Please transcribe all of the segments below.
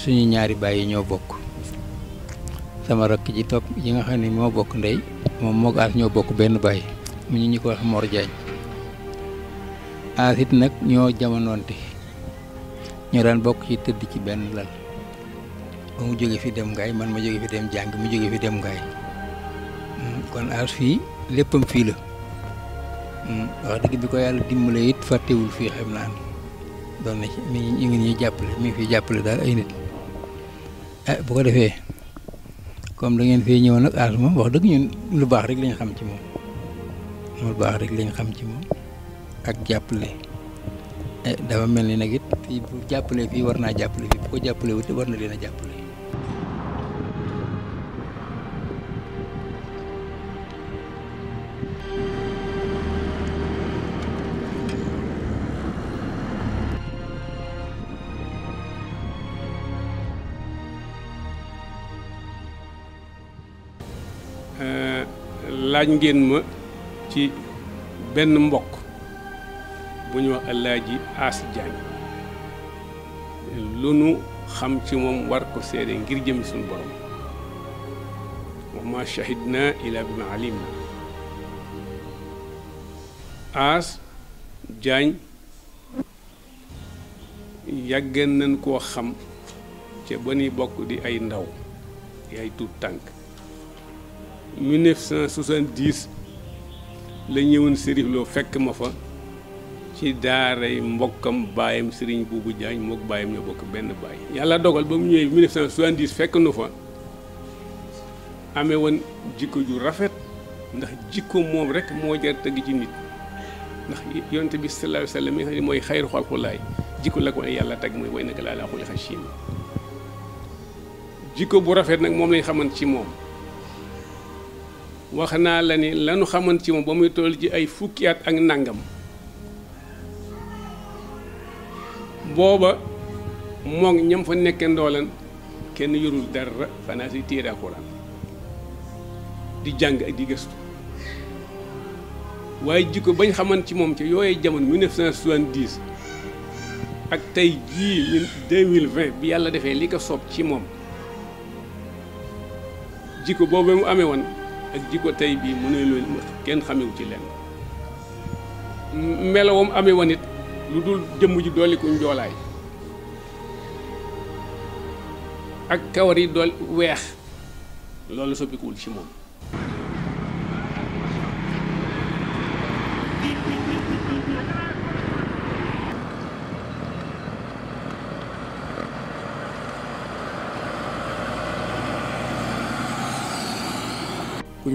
suñu ñaari bàyyi ñoo bokk sama rakk ji topp yi nga xam ne moo bokk ndey moom moog aas ñoo bokk benn bàyyi mu ñu ñu ko wax Mor Jaañ aas it nag ñoo jamonoonte ñoo daan bokk ci tëdd ci benn lal ba mu jóge fi dem ngaay man ma jóge fi dem jàng mu jóge fi dem ngaay hmm, kon aas fii léppam fii la hmm, wax dëgg bi ko yàlla dimbale it fàttewul fii xam naa doon na ci mi ngi ñuy jàppale mi ngi fiy jàppale daal ay nit Eh, bu ko defee comme da ngeen fee ñëw nag aas moom wax dëgg ñun lu baax rek lañ xam ci moom lu baax rek lañ xam ci moom ak jàppale eh, dafa mel ni nag it fii bu jàppale fii war naa jàppale fii bu ko jàppale wute war na leen a jàppale laaj ngeen ma ci benn mbokk bu ñu wax Alaaji As Diagne lu nu xam ci moom war ko seede ngir jëm suñu borom wa ma shahidna ila bima alimna As Diagne yàggan nañ koo xam ca ba nuy bokk di ay ndaw di tuut tànk 1970 la ñewoon Serif Lo fekk ma fa ci daaray mbokam bayam Serigne Boubou Diagne mok bayam ñoo bokk ben baay Yalla dogal ba mu ñëwee 1970 fekk nu fa amé won jikko ju rafet ndax jikko mom rek mo jar tëgg ci nit ndax yonte bi sallallahu alayhi wa sallam mi nga xam jikko la ko yalla tag teg muy way naka la laa xuli xashiim jikko bu rafet nag moom lañ xamant ci mom wax naa la ni lanu xaman ci moom ba muy toll ji ay fukki at ak nangam booba moog ñam fa nekke ndoolan kenn yorul dara xanaa si téere alxuraan di jàng ak di gëstu waaye jikko bañ xaman ci moom ca yooyee jamono 1970 ak tey jii 2020 bi yàlla defee li ko soob ci moom jikko boobu mu amee woon ak jikko tey bii mu ne leen kenn xamewu ci lenn melowam amee woon it lu dul jëmm ji dolli ko njoolaay ak kawar yi dool weex loolu soppikuwul ci moom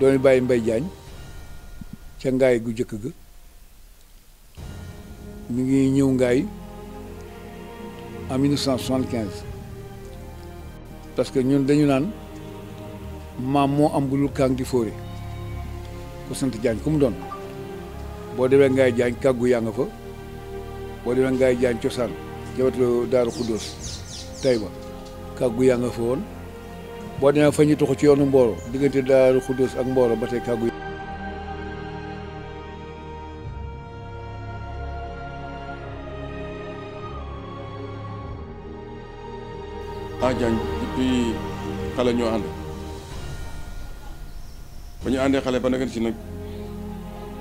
doomi bàyyi Mbay Jaañ ca ngaay gu jëkk ga mi ngi ñëw ngaay en 1975 parce que ñun dañu naan maam moo am bulul kaang di fóore ku sant Jaañ ku mu doon boo demee ngaay Jaañ kàggu yaa nga fa boo demee ngaay Jaañ cosaan jawat daaru Xuddoos Tayba kàggu yaa nga fa woon boo demee fa ñu tuxu ci yoonu mbooro diggante daaru xudus ak mbooro ba tey kàggu Adjang depuis xale ñoo ànd ba ñu àndee xale ba nagan si nag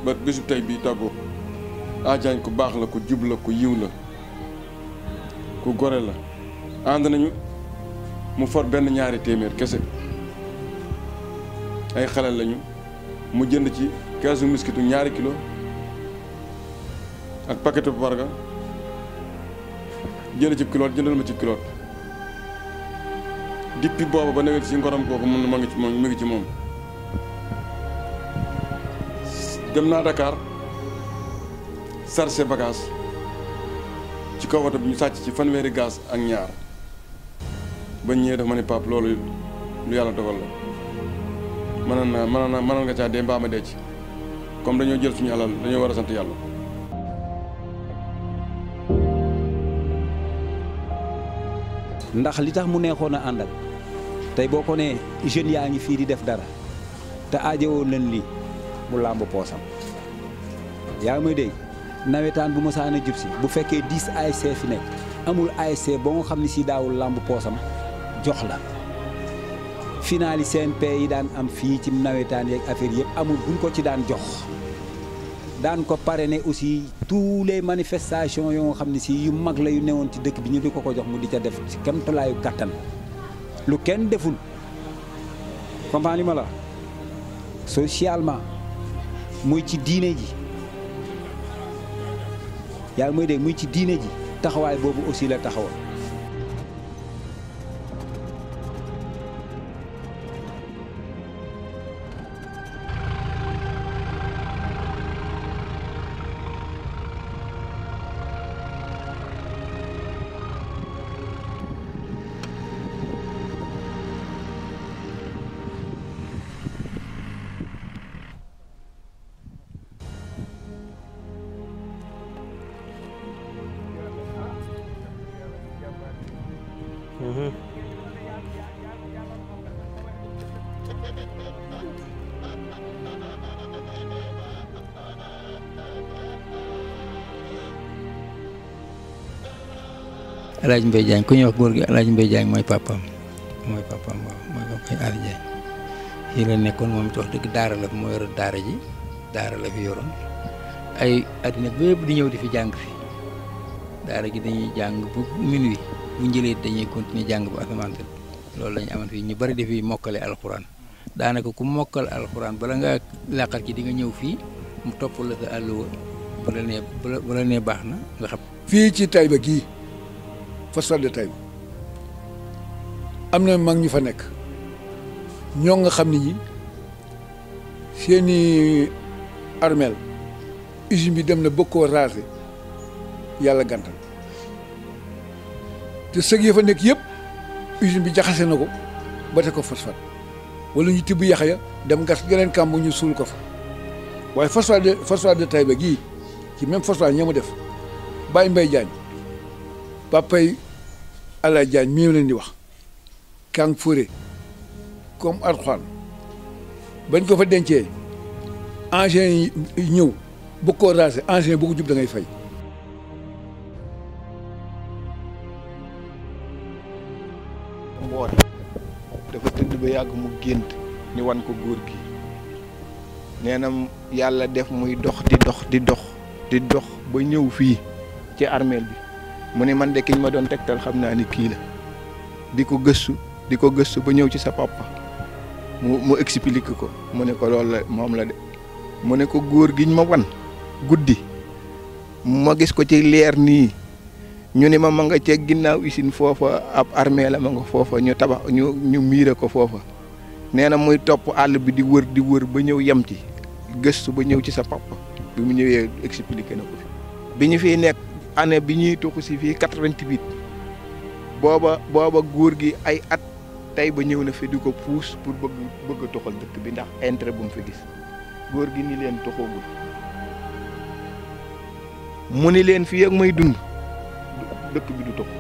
ba bisub tey bi tàggoo Adjang ku baax la ku jub ku yiw la ku gore la ànd nañu mu for benn ñaari téeméer kese ay xale lañu mu jënd ci keesu miskitu ñaari kilo ak paquetu barga jënd ci kiloot jëndal ma ci kiloot dippi boobu ba nawet si ngorom kooku mun ma ngi ci moom mi ngi ci moom dem naa Dakar sarse bagage ci kaw oto bi ñu sàcc ci fanweeri gaz ak ñaar bañ ñëwee dafa ni Pape loolu yàlla dogal la mënoon naa mënoon naa mënoon nga caa ma dee ci comme dañoo jël suñu alal dañoo war a ndax li tax mu neexoon a àndal tey boo ko nee jeunes yaa ngi fii di def dara te aajowoo leen lii mu làmb poosam yaa ngi may dégg nawetaan bu ma saan a jub si bu fekkee 10 ASC fi nekk amul ASC ba nga xam ne si daawul làmb poosam. jox la finaali CNP yi daan am fii ci nawetaan yeeg affaire yëpp amul buñ ko ci daan jox daan ko pare ne aussi tous les manifestations yoo nga xam ne si yu mag la yu newoon ci dëkk bi ñu di ko ko jox mu di ca def ci kemtulaayu kàttan lu kenn deful comprendre la socialement muy ci diine ji yaa ngi may dégg muy ci diine ji taxawaay boobu aussi la taxawal Uhum. El Hadj ku ñuy wax góor gi El Hadj Mbaye mooy papaam mooy papaam waaw mooy papaam El Hadj Diagne fii nekkoon moom it dëgg daara la moo yoroon daara ji daara la fi yoroon ay addina bépp di ñëw di fi jàng fi daara ji dañuy jàng bu minuit bu njëlee dañuy continuer jàng bu asamaan loolu lañu ñu fii ñu bari dafay mokkale alxuraan daanaka ku mokkal alxuraan bala ngaa làqar ci di nga ñëw fii mu topp la sa àlluwa bu la nee baax na nga xam. fii ci tayba gii fasal de Taïba am na mag ñu fa nekk ñoo nga xam ne ñi seeni armeel usine bi dem na bëgg koo raase yàlla ganta te sëg ya fa nekk yëpp usine bi jaxase na ko ba te ko phosphate wala ñu tibb yax ya dem gas geneen kàmb ñu suul ko fa waaye phosphate de phosphate de Taïba gii ci même phosphate ñoo ma def Baye Mbaye Diagne papay Alla Diagne mi leen di wax kàng fóore comme arxuaan bañ ko fa dencee engins yi ñëw bu ko raser engins yi bu jub da ngay fay ba yàgg mu gént ñu wan ko góor gi didoh na yàlla def muy dox di dox di dox di dox ba ñëw fii ci armeel bi mu man de kiñ ma ni la ko gëstu di ba ñëw ci sa papa mu mu explique ko mu ko loolu la la de mu ko giñ ma wan ma gis ko ci leer nii ñu ni ma ma nga ceeg ginnaaw usine foofa ab armée la ma nga foofa ñu tabax ñu ñu miire ko foofa nee na muy topp àll bi di wër di wër ba ñëw yem ci gëstu ba ñëw ci sa papa bi mu ñëwee expliqué na ko bi ñu fiy nekk année bi ñuy tuxu si fii 88 booba booba góor gi ay at tey ba ñëw na fi di ko puus pour bëgg bëgg dëkk bi ndax intérêt bu mu fi gis góor gi ni leen toxoogul mu ni leen fii ak may dund dëkk bi du tëkk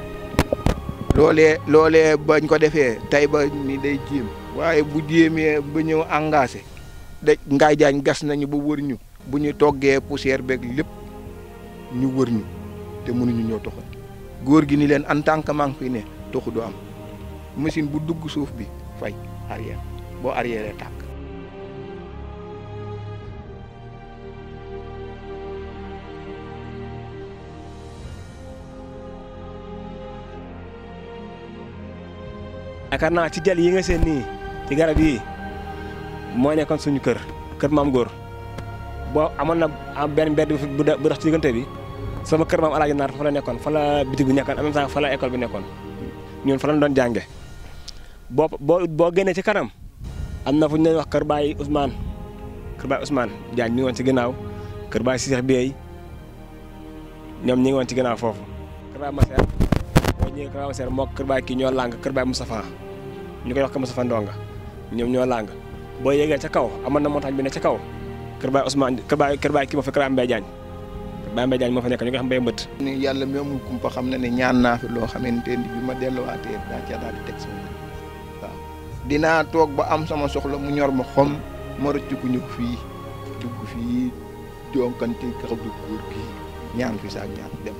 loolee loolee bañ ko defee tey ba ni day jéem waaye bu jéemee ba ñëw engagé da ngaay jaañ gas nañu ba wër ñu bu ñu toggee poussière beeg lépp ñu wër ñu te mënuñu ñoo toxu góor gi ni leen en tant que man fi ne toxu du am machine bu dugg suuf bi fay arrière boo arrière tàkk yaakaar naa ci jal yi nga seen nii ci garab yi moo nekkoon suñu kër kër maam góor boo amoon na benn mbedd bu dox ci diggante bi sama kër maam alaaji naar fa la nekkoon fa la bitig bi nekkoon en même temps fa la école bi nekkoon ñun fa lañ doon jànge boo boo boo génnee ci kanam am na fu ñu wax kër bàyyi Ousmane kër bàyyi Ousmane Diagne ñu ngi ci ginnaaw kër bàyyi Cheikh Bieye ñoom ñu ngi ci ginnaaw foofu kër bàyyi Massène ñëwee Kër Massar moo Kër Baye kii ñoo làng Kër Baye Moustapha ñu koy wax Kër Moustapha Ndonga ñoom ñoo làng boo yegee ca kaw amoon na montagne bi ne ca kaw Kër Baye Ousmane Kër Baye Kër Baye kii moo fa Kër Baye Mbaye Diagne Baye Mbaye Diagne fa nekk ñu koy xam ni mi amul xam na ñaan fi bi ma daal di teg dina waaw ba am sama soxla mu ñor ma xom ma rëccuku ñu ko fii dugg di góor gi ñaan fi ñaan dem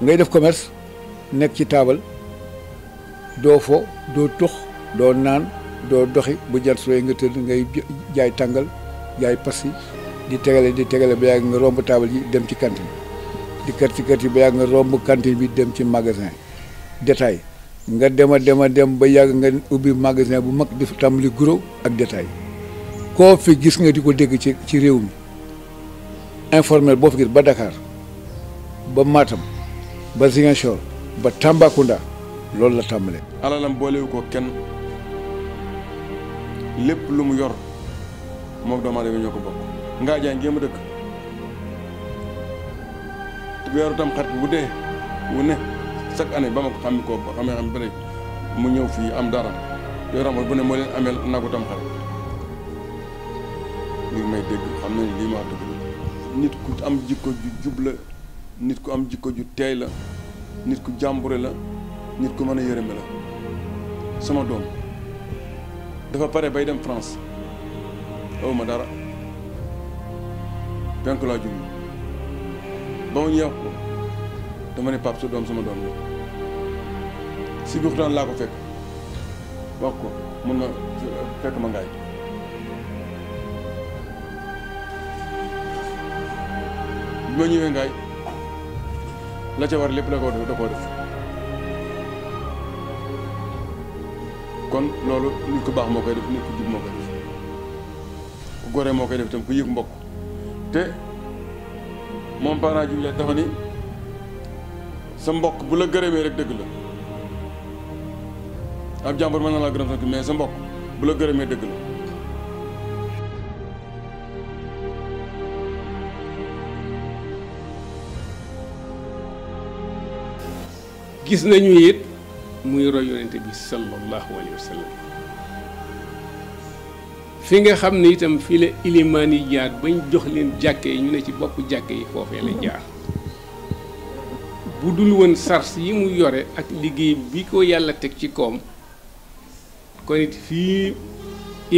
ngay def commerce nekk ci taabal doo fo doo tux doo naan doo doxi bu jar sooy nga tëdd ngay jaay tàngal jaay passi di tegale di tegale ba yàgg nga romb taabal yi dem ci cantine di kër ci kër yi ba yàgg nga romb cantine bi dem ci magasin détail nga dem a dem a dem ba yàgg nga ubbi magasin bu mag di tàmbali guro ak détail koo fi gis nga di ko dégg ci ci réew mi informel boo fi gis ba Dakar ba maatam ba si Ziguinchor ba Tambacounda loolu la tàmbalee. alalam boolewu ko kenn lépp lu mu yor moom doomu aadama ñoo ko bokk. ngaa jaay ngéem a dëkk weeru tam xarit bu dee wu ne chaque année ba ma ko xam ko xamee xam bëri mu ñëw fii am dara yooyu ramal bu ne moo ameel nagu tam xarit may dégg xam nañu lii ma dëgg nit ku am jikko ju nit ku am jikko ju tey la nit ku jàmbure la nit ku mën a yërëme la sama doom dafa pare bay dem France aw ma dara penk laa jóge ba ma ñëw ko dama ne pap sa doom sama doom la si laa ko fekk wax ko mun ma fekk ma ngaay bi ma ñëwee ngaay la ca war lépp la ko def kon loolu nit ku baax moo koy def nit ku jub moo koy def ku gore moo koy def itam ku yëg mbokk te moom parent jubile dafa ni sa mbokk bu la gërëmee rek dëgg la ab jàmbur mën na laa gërëm sant mais sa mbokk bu la gërëmee dëgg la gis nañu it muy roy yonent bi sallallahu alayhi wa sallam fi nga xam ni itam fii la ilimaan yi jaar bañ jox leen jàkke yi ñu ne ci bopp jàkke yi foofee la jaar bu dul woon sars yi mu yore ak liggéey bi ko yàlla teg ci koom kon it fii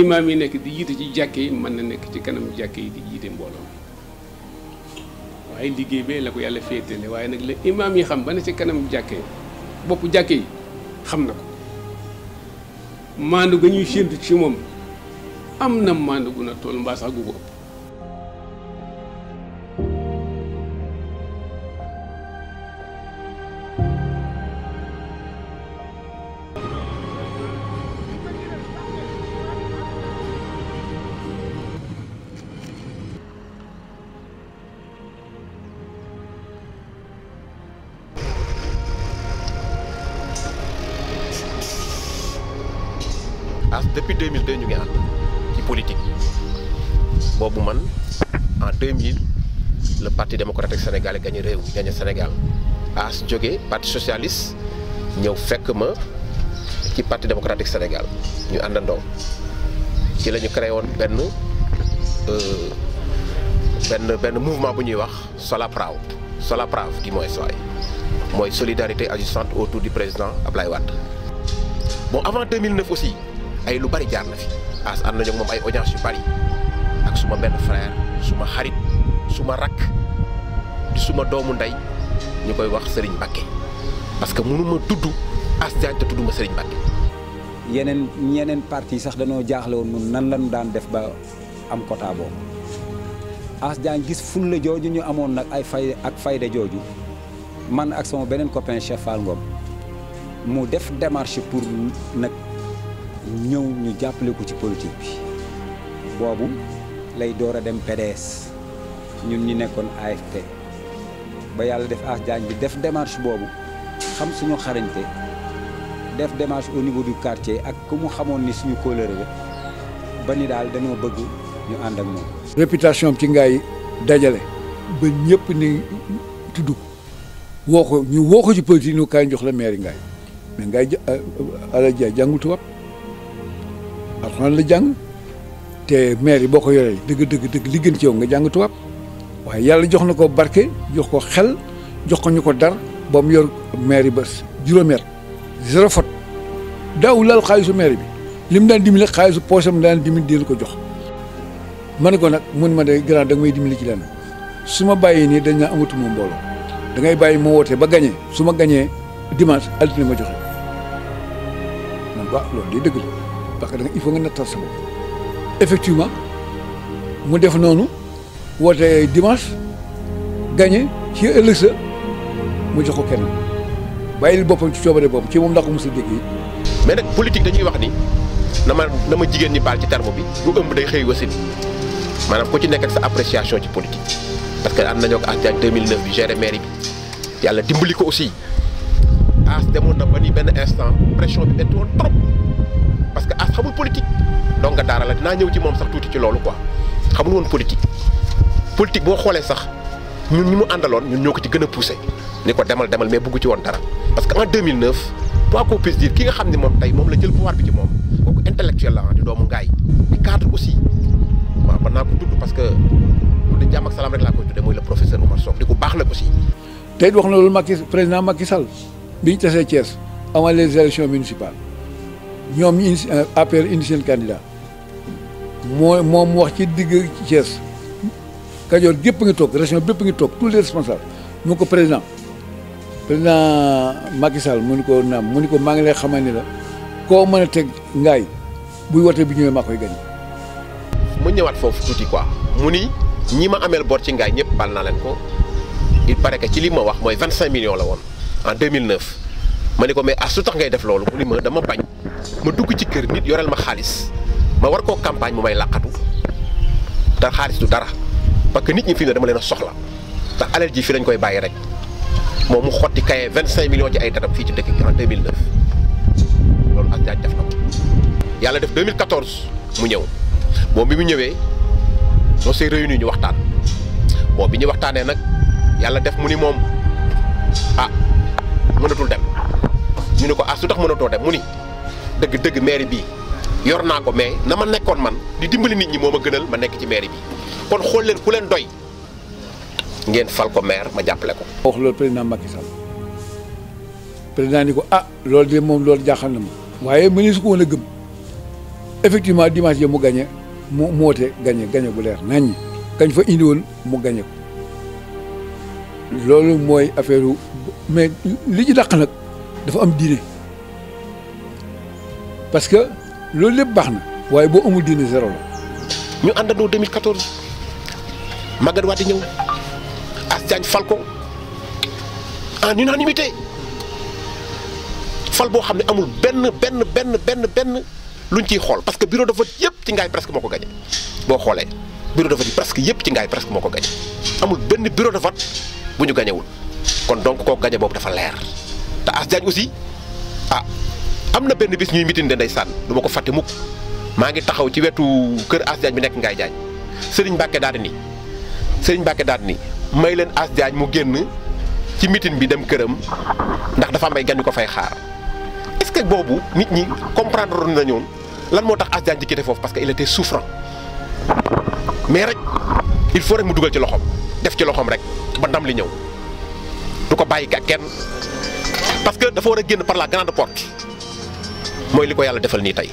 imaam yi nekk di jiite ci jàkke yi mën na nekk ci kanam jàkke yi di jiite mbooloo waaye liggéey bee la ko yàlla féetale waaye nag la imaam yi xam ba ne ci kanam jàkke bopp jàkke yi xam na ko maandu ga ñuy séentu ci moom am na maandu gu na tool mbaa sax gu ko depuis 2002 nous avons ànd ci politique man en 2000 le parti démocratique sénégalais gagné le gagné Sénégal as le parti socialiste a fait ma ci parti démocratique Sénégal ñu avons ci nous avons créé un euh, mouvement bu ñuy wax La moi di solidarité agissante autour du président Ablaye bon avant 2009 aussi. ay lu bari jaar na fi as ànd nañu moom ay audience yu bari ak suma benn frère suma xarit suma rakk di suma doomu ndey ñu koy wax sëriñ Mbacké parce que mënuma tudd Ass Diagne te tudduma Serigne Mbacké yeneen ñeneen parti sax dañoo jaaxle woon nun nan lañu daan def ba am quota boobu Ass Diagne gis fulla jooju ñu amoon nag ay fay ak fayda jooju man ak sama beneen copain Cheikh Fall Ngom mu def démarche pour nag ñëw ñu jàppale ko ci politique bi boobu lay door a dem PDS ñun ñu nekkoon AFP ba yàlla def As Diagne bi def démarche boobu xam suñu xarañte def démarche au niveau du quartier ak ku xamoon ni suñu kóolëre ba ni daal dañoo bëgg ñu ànd ak moom. ci ngay dajale ba ñëpp ni tudd ko woo ko ñu woo ko ci politique ñu kaay jox la mairie Ngaye mais Ngaye euh, Alla alxuraan la jàng te maire boko boo ko yoree dëgg dëgg yow nga jàng tubaab waaye yàlla jox na ko barke jox ko xel jox ko ñu ko dar ba mu yor maire yi ba zéro faute daaw laal xaalisu maire bi li mu daan dimbali xaalisu poosam daan dimbali di ko jox. ma ko nag mun ma de grand da nga may ci lenn su ma bàyyi nii dañ da ngay ba dimanche altine ma joxe man parce que il faut nga nattal sa bopp effectivement mu def noonu woote dimanche gagné ci ëllëg sa mu jox ko kenn bàyyil boppam ci coobare boppam ci moom ndax ko mos a dégg yi mais nag politique dañuy wax ni na ma na ma jigéen ñi baal ci terme bi lu ëmb day xëy wasin maanaam ku ci nekk sa appréciation ci politique parce que am nañoo ko As Diagne 2009 bi géré mairie bi yàlla dimbali ko aussi As demoon na ba ni benn instant pression bi métti trop. parce que as xamul politique donc nga daara la dinaa ñëw ci moom sax tuuti ci loolu quoi xamul woon politique politique boo xoolee sax ñun ñi mu àndaloon ñun ñoo ko ci gën a poussé ni ko demal demal mais bëggu ci woon dara parce que en 2009 quoi qu'on puisse dire ki nga xam ne moom tey moom la jël pouvoir bi ci moom kooku intellectuel la di doomu ngaay di cadre aussi waaw mën naa ko tudd parce que bu dee jàmm ak salaam rek laa koy tuddee mooy le professeur Oumar Sow di ko baax la aussi. tey it wax na loolu Macky président Macky Sall bi ñu tasee Thiès avant les élections municipales. ñoom ñi APR indi seen candidat moo moom wax ci digg Thiès Kajoor gépp ngi toog région bépp ngi toog tous les responsables mu ko président président Macky Sall mu ni ko naam mu ni ko maa ngi lay xamal ni la koo mën a teg ngaay buy wote bi ñëwee maa koy gañ mu ñëwaat foofu tuuti quoi mu ni ñi ma ameel bor ci ngaay ñëpp bal naa leen ko il paraît que ci li ma wax mooy vingt millions la woon en 2009 ma ni ko mais ah su tax ngay def loolu mu ni dama bañ ma dugg ci kër nit yoreel ma xaalis ma war koo campagne mu may darah. te xaalis du dara parce que nit ñi fi ne dama leen a soxla ndax alal ji fi lañ koy rek mu xotti 25 millions ci ay datam fi ci dëkk bi en 2009 loolu ak jaaj def na ko def 2014 mu ñëw moom bi mu ñëwee waktan. s'est réunis ñu waxtaan bon bi ñu def mu ni moom ah mënatul dem ñu ne ko ah su tax dem mu ni dëgg-dëgg mairie bii yor naa ko mais na ma nekkoon man di dimbali nit ñi moo ma gënal ma nekk ci mairie bi kon xool leen ku leen doy ngeen fal ko maire ma jàppale ko. wax loolu président Macky Sall président ni ko ah loolu de moom loolu jaaxal na ma waaye mënees ko woon a gëm effectivement dimanche yi mu gagné mu mu woote gagné gagné bu leer naññ kañ fa indi woon mu gagné ko loolu mooy affaire mais li ci dàq nag dafa am diine. parce que loolu lépp baax na waaye boo amul diine zéro la. ñu àndandoo 2014 Maguette Wade ñëw As Diagne fal ko en unanimité fal boo xam ne amul benn benn benn benn benn luñ ciy xool parce que bureau de vote yëpp ci ngaay presque moo ko gañe boo xoolee bureau de vote yi presque yëpp ci ngaay presque moo ko gañe amul benn bureau de vote bu ñu gañewul kon donc koo gañe boobu dafa leer te As Diagne aussi ah. am na benn bis ñuy mitin de ndeysaan du ma ko fàtte mukk maa ngi taxaw ci wetu kër As Diagne bi nekk Ngaye Diagne Serigne Mbacke daal di ni Serigne Mbacke daal di ni may leen As Diagne mu génn ci mitin bi dem këram ndax dafa am ay gan yu ko fay xaar est-ce que boobu nit ñi comprendre na ñoom lan moo tax As Diagne parce que il était souffrant mais rek il faut rek mu dugal ci loxoom def ci loxoom rek ba ndam li ñëw du ko bàyyi kenn parce que dafa war a par la grande porte. mooy li ko yàlla defal nii tey.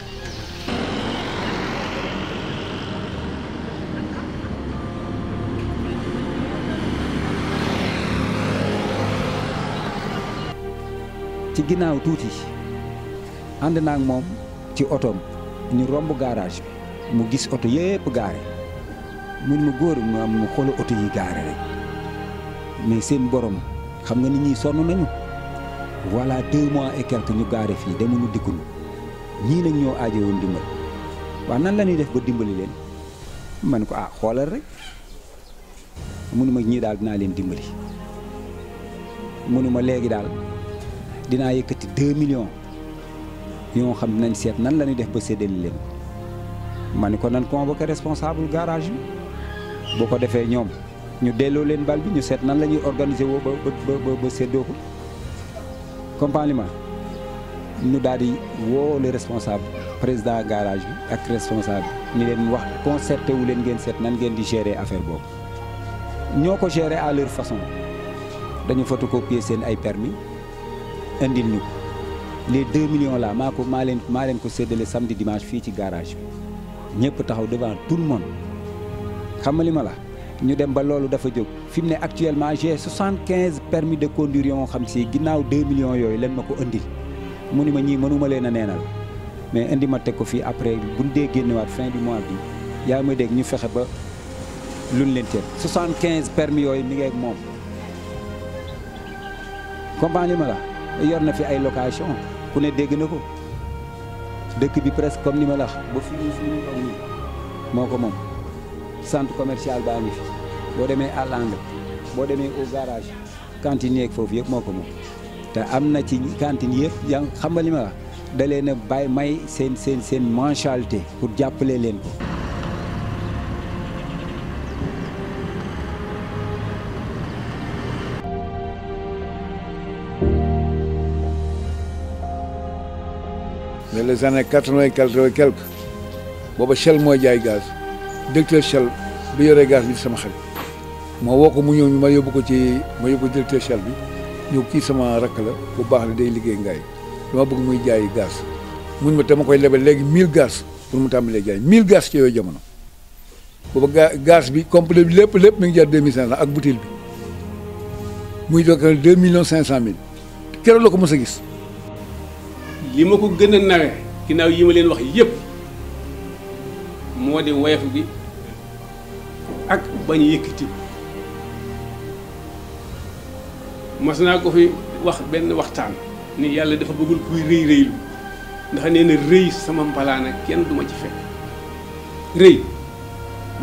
ci ginnaaw tuuti ànd naa ak moom ci otoom ñu romb garage bi mu gis oto yépp gaare mun ma góor mu am mu xoola oto yi gaare rek mais seen borom xam nga nit ñuy sonn nañu voilà deux mois et ñu gaare fii demuñu dikkuñu ñii nag ñoo aajo woon dimbal waaw nan la ñuy def ba dimbali leen man ko ah xoolal rek mënuma ñii daal naa leen dimbali munuma léegi daal dinaa yëkkati deux millions yoo xam nañ seet nan la ñuy def ba séddale leen ma ni ko nan convoqué responsable garage bi boo ko defee ñoom ñu delloo leen bal bi ñu seet nan la ñuy organiser woo ba ba ba séddoo ko comprendre Nous avons les responsables président garage et responsable ni nous concerté les à leur façon dañu photocopier photocopié permis les 2 millions là samedi dimanche garage Nous devant tout le monde Nous avons nous actuellement j'ai 75 permis de conduire Nous avons millions mu ni ma ñii mënuma leen a neenal mais indi ma teg ko fii après buñ dee génnewaat fin du mois bi yaa ngi dégg ñu fexe ba luñ leen teel 75 permis yooyu mi ngi ak moom comprendre ma la yor na fi ay location ku ne dégg na ko dëkk bi presque comme ni ma la wax ba fii ñu suñu toog nii moo ko moom centre commercial baa ngi fi boo demee à l'angle boo demee au garage cantine yeeg foofu yëpp moo ko moom te am na ci cantine yëpp yaa ngi xam nga li ma da leen bàyyi may seen seen seen mensualité pour jàppale leen ko. mais les quatre-vingt et quelques booba Shell mooy jaay gaz directeur Shell bu yore gaz bi sama xarit moo woo ko mu ñëw ma yóbbu ko ci ma yóbbu ko directeur Shell bi. ñoo kii sama rakk la bu baax la day liggéey ngaay dama bëgg muy jaay gaz mun ma te ma koy lebal léegi 1000 gaz pour mu tàmbalee jaay 1000 gaz ci yooyu jamono booba ga bi complet bi lépp lépp mi ngi jar 2500 ak bouteille bi muy doog 2 millions 500 mille keroog la ko mos a gis. li ma ko gën a nawe ginnaaw yi ma leen wax yépp moo di woyof bi ak bañ yëkkati. mas ko fi wax benn waxtaan ni yàlla dafa bëggul kuy rëy rëylu ndax nee na rëy sama mbalaana kenn du ma ci fekk rëy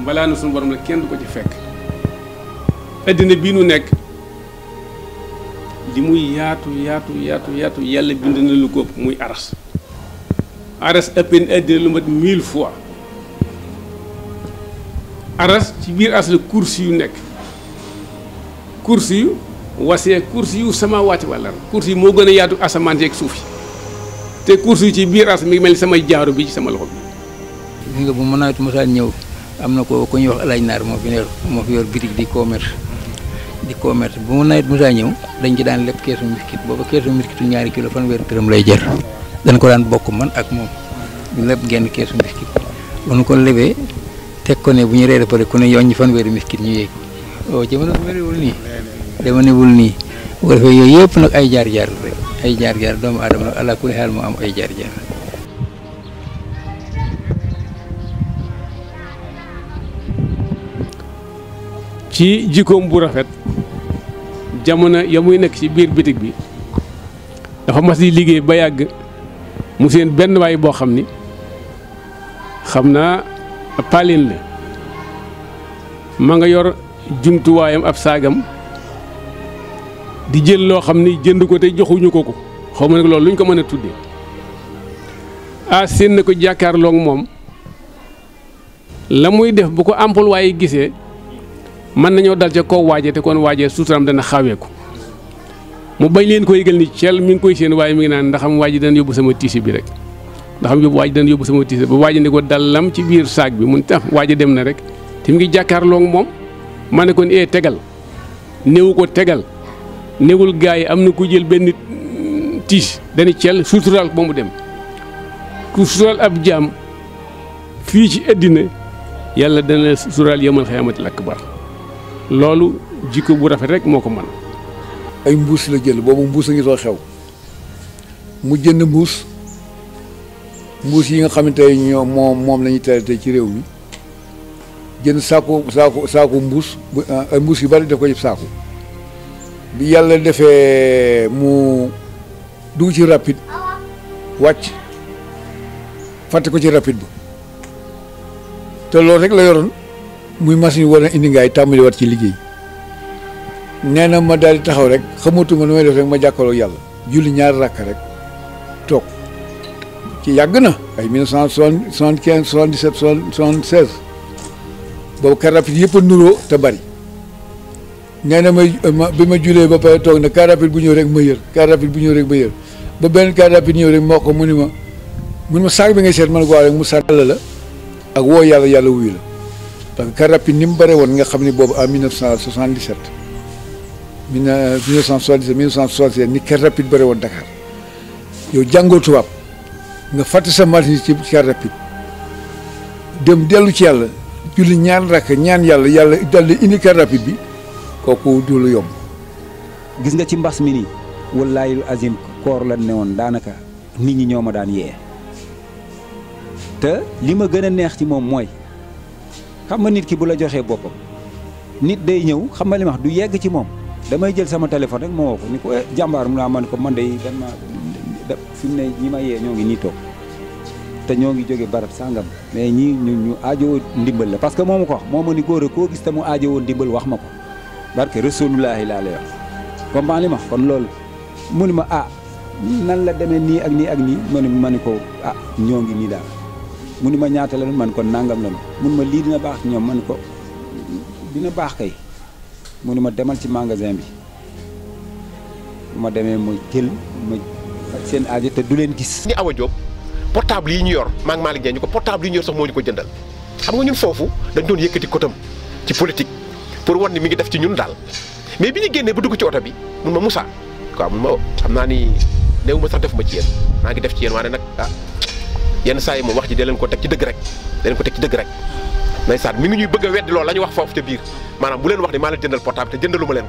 mbalaana su borom la kenn du ko ci fekk àddina bii nu nekk li muy yaatu yaatu yaatu yaatu yàlla bind na lu góob muy aras aras ëppeen addina lu mat mille fois aras ci biir aras la course yu nekk course yu wasee kursi yu samaawaati wala kursi yi moo gën a yaatu asamaan yeeg suuf yi te kursi yu ci biir as mi ngi mel ni samay jaaru bi ci sama loxo bi. nga bu mën a mosaan ñëw am na ko ku ñuy wax alaaj naar moo fi a moo fi yor bitig di commerce di commerce bu mu nawet Moussa ñëw dañ ci daan lépp keesu miskit booba keesu miskitu ñaari kilo fanweeri dërëm lay jar dañ ko daan bokk man ak moom ñu lépp genn keesu miskit bu ko lebee teg ko ne bu ñu reere pare ku ne yoon ñi fanweeri miskit ñu yéeg o oh, jamono bu nii dama nii bu ko defee yooyu yëpp nag ay jaar-jaar la doomu adama nag ala kulli xaal moo am ay jaar-jaar. ci jikkoom bu rafet jamono ya muy nekk ci biir bitig bi dafa mas di liggéey ba yàgg mu seen benn waay boo xam ni xam naa paalin la ma nga yor jumtuwaayam ab saagam. di jël loo xam ni jënd ko te joxuñu ko ko xaw ma nag loolu luñ ko mën a tuddee ah séen na ko jàkkaarloo ak moom la muy def bu ko employé waaye gisee man nañoo dal ca kaw waaje te kon waajee suutaram dana xawee ko mu bañ leen ko yëgal ni cel mi ngi koy seen waaye mi ngi naan ndaxam waa ji dana yóbbu sama tiisi bi rek ndaxam yóbbu waa ji dana yóbbu sama tiisi ba waa ji ne ko dallam ci biir saag bi mun tax waa ji dem na rek te mu ngi jàkkaarloo ak moom ma ne eh, tegal néew ko tegal. newul gars yi am na ku jël benn tiis dana cel sutural ba mu dem ku sutural ab jaam fii ci àddina yàlla dana sutural yemal xayamati lakk bar loolu jikko bu rafet rek moo ko man ay mbuus la jël boobu mbuus a ngi soo xew mu jënd mbuus mbuus yi nga xamante ne ñoom moom moom la ñuy traité ci réew mi jënd saako saako saako mbuus ah, ay mbuus yu bari daf ko yëpp saako bi yàlla defee mu dugg ci rapide wàcc fàtte ko ci rapide bi te loolu rek la yoroon muy machine war na indi ngaay tàmbali wat ci liggéey nee na ma daal di taxaw rek xamatuma nu may def rek ma jàkkaarloo yàlla julli ñaar rakk rek toog ci yàgg na ay mille neuf cent soixante quinze soixante dix sept soixante seize boobu car rapide yëpp a nuroo te bari nee na ma bi ma julee ba pare toog na car rapide bu ñëw rek ma yër car rapide bu ñëw rek ma yër ba benn car rapide ñëw rek moo ko mu ni ma mun ma saak bi ngay seet ma ko waaw rek mu sàll la ak woo yàlla yàlla wuyu la parce que car ni mu bare woon nga xam ne boobu en 1977 1977 1977 ni car rapide bare woon Dakar yow tubaab nga fàtte sa machine ci car rapide dem dellu ci yàlla julli ñaan rakk ñaan yàlla yàlla daldi indi car bi kooku du lu yomb. gis nga ci mbas mi nii wallaayul azim koor la ne woon daanaka nit ñi ñoo ma daan yee te li ma gën a neex ci moom mooy xam nga nit ki bu la joxee boppam nit day ñëw xam nga li ma du yegg ci moom damay jël sama téléphone rek ma woo ko eh, jàmbaar mu naa man ko man day dama fi mu ne ñi ma yee ñoo ngi nii toog te ñoo ngi jóge barab sàngam mais ñii ñu ñu aajowoo ndimbal la parce que moomu ko wax moo ma ni góor a koo gis te mu aajowoo ndimbal wax ma ko. barke rasulullaahi laa lay wax comprend li ma kon loolu mu ni ma ah nan la demee nii ak nii ak nii ma ne ma ne ko ah ñoo ngi nii daal mu ni ma ñaata la man ko nangam la mun ma lii dina baax ñoom ma ne ko dina baax kay mu ma demal ci magasin bi ma demee ma jël ma seen aajo te du leen gis. ni Awa Diop portable yi ñu yor maa ngi Malick Dieng ñu ko portable yi ñu yor sax moo ñu ko jëndal xam nga ñun foofu dañ doon yëkkati ci politique. pour won ni mi ngi def ci ñun dal mais bi ñu génnee ba dugg ci oto bi mun ma Moussa quoi mun ma xam naa ni néew ma sax defuma ci yéen maa ngi def ci yéen waaye nag ah yenn saa yi moom wax ji da leen ko teg ci dëgg rek da leen ko teg ci dëgg rek ndeysaan mi ngi ñuy bëgg a weddi loolu wax foofu ca biir maanaam bu leen wax ni maa leen jëndal portable te jëndalu leen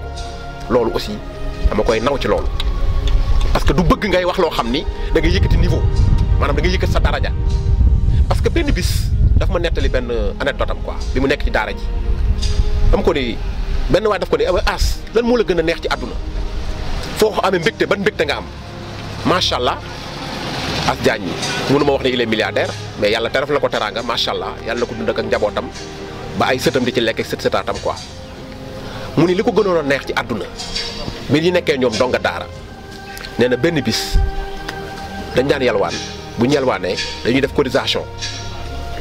ko loolu aussi dama koy naw ci loolu parce que du bëgg ngay wax loo xam da nga yëkkati niveau maanaam da nga yëkkati sa daraja parce que benn bis daf ma nettali benn anecdote quoi bi mu nekk ci daara dama ko ne benn waa def ko ne as lan moo la gën a neex ci àdduna foo ko amee mbégte ban mbégte nga am macha allah as Diagne mënu ma wax ne il est milliardaire mais yàlla teref la ko teraanga macha allah yàlla na ko dund ak njabootam ba ay sëtam di ci lekk ak sët sëtaatam quoi. mu ni li ko gënoon a neex ci àdduna bi ñu nekkee ñoom donga daara nee na benn bis dañ daan yalwaan bu ñu yalwaanee dañuy def cotisation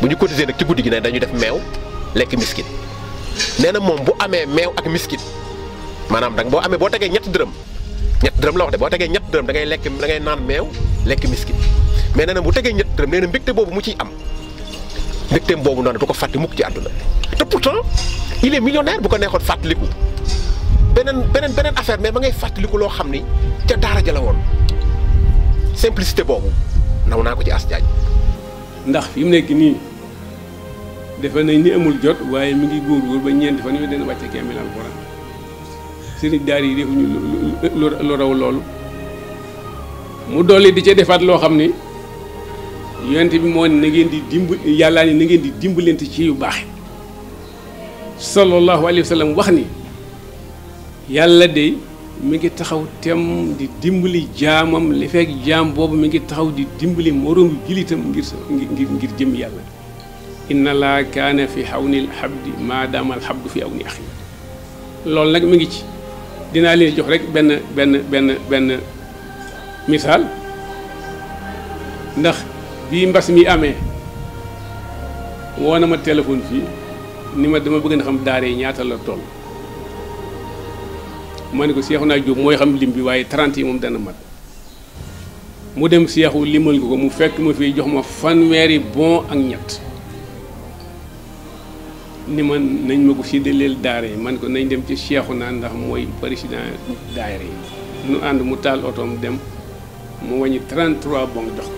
bu ñu cotiser nag ci guddi gi ne dañuy def meew lekk miskin neena mom bu amé mew ak miskit manam dang bo amé bo tégué ñett dërëm ñett dërëm la wax dé bo tégué ñett dërëm da ngay lek da ngay naan mew lek miskit mais neena bu tégué ñett dërëm neena mbékté bobu mu ci am mbékté bobu non du ko faté mukk ci aduna té pourtant il est millionnaire bu ko néxon fatlikou benen benen benen affaire mais ma ngay fatlikou lo xamni té dara ja la won simplicité bobu naw na ko ci as ndax fim nek ni defe nañ ni amul jot waaye mi ngi góor-góor ba ñeenti fan yooyu dana wàcce kaamil alxuraan sëriñ daar yi defuñu lu raw loolu mu dolli di ca defaat loo xam ni yonent bi moo ne na ngeen di dimb yàllaa di ci yu baax sallallahu alayhi wa sallam wax ni yàlla de mi ngi taxaw tem di dimbali jaamam li fekk jaam boobu mi ngi taxaw di dimbali moroomu jullitam ngir ngir ngir jëm yàlla إن لا كان في حون الحبد ما دام الحبد في أون أخي لول نك ميغي سي دينا لي جوخ رك بن بن بن بن مثال نخ بي مباس مي امي وانا ما تليفون في نيما دما بغن خم داري نياتا لا تول مانيكو شيخنا جوب موي خم ليمبي واي 30 موم دنا مات مو دم شيخو ليمل كوكو مو فك ما في جوخ ما فان ميري بون اك نيات ni man nañ ma ko séddaleel daara yi man ko nañ dem ci Cheikhu naa ndax mooy président daara yi nu ànd mu taal otoom dem mu wàññi 33 bon jox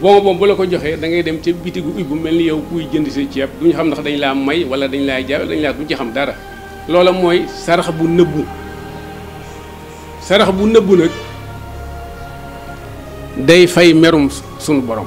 ko bon boobu bu la ko joxee dangay dem ca bitigu ubbi mel ni yow kuy jënd sa ceeb duñu xam ndax dañ laa may wala dañ laa jaay dañ laa duñ ci xam dara loola mooy sarax bu nëbbu sarax bu nëbbu nag day fay merum sunu borom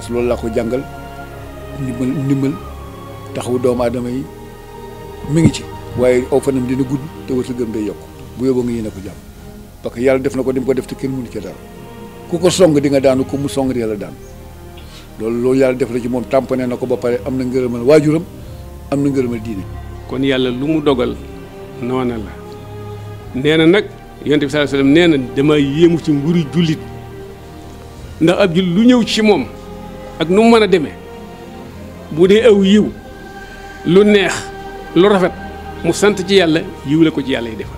Seras loolu laa ko jàngal ndimbal ndimbal taxawu doomu aadama yi mu ngi ci waaye aw fanam dina gudd te wër gëm day yokk bu yóbboo nga yéene ko jàmm parce que yàlla def na ko di mu ko def te kenn mënu ci dara ku ko song di nga daanu ko mu song di yàlla daan loolu loolu yàlla def na ci moom tamponné na ko ba pare am na ngërëmal waajuram am na ngërëmal diine. kon yàlla lu mu dogal noona la nee na nag yonent bi sallallahu alayhi wasallam nee na dama yéemu ci mburu jullit ndax ci moom. ak nu mu mën a demee bu dee aw yiw lu neex lu rafet mu sant ci yàlla yiw la ko ci yàlla yi defal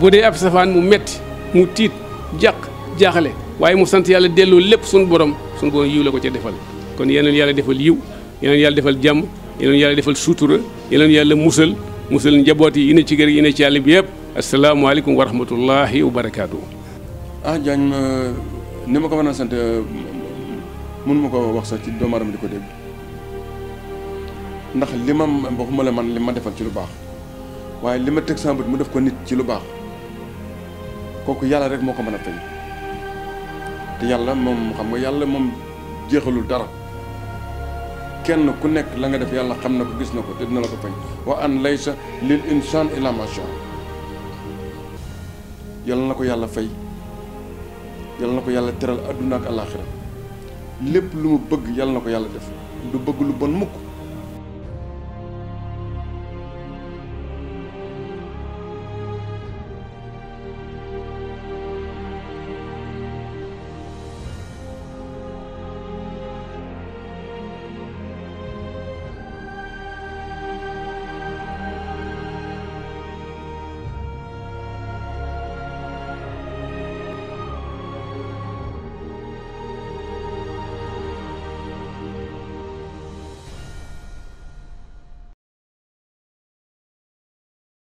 bu dee ab safaan mu metti mu tiit jàq jaaxale waaye mu sant yàlla delloo lépp suñu borom suñu borom yiw la ko ca defal kon yeneen yàlla defal yiw yeneen yàlla defal jàmm yeneen yàlla defal suutura yeneen yàlla musal musal njaboot yi ina ci kër yi ina ci àll bi yëpp asalaamaaleykum wa rahmatullahi wa barakaatu. ah Diagne euh, ni ma ko mën a sant euh, mun ma ko wax sax ci doomu di ko dégg ndax li ma waxuma la man li ma defal ci lu baax waaye li ma teg sama bët mu def ko nit ci lu baax kooku yàlla rek moo ko mën a fay te yàlla moom xam nga yàlla moom jeexalul dara kenn ku nekk la nga def yàlla xam na ko gis na ko te na la ko fay wa an sax lil insaan illa ma yàlla na ko yàlla fay yàlla na ko yàlla teral àdduna ak àllaaxira lépp lu mu bëgg yàlla na ko yàlla def du bëgg lu bon mukk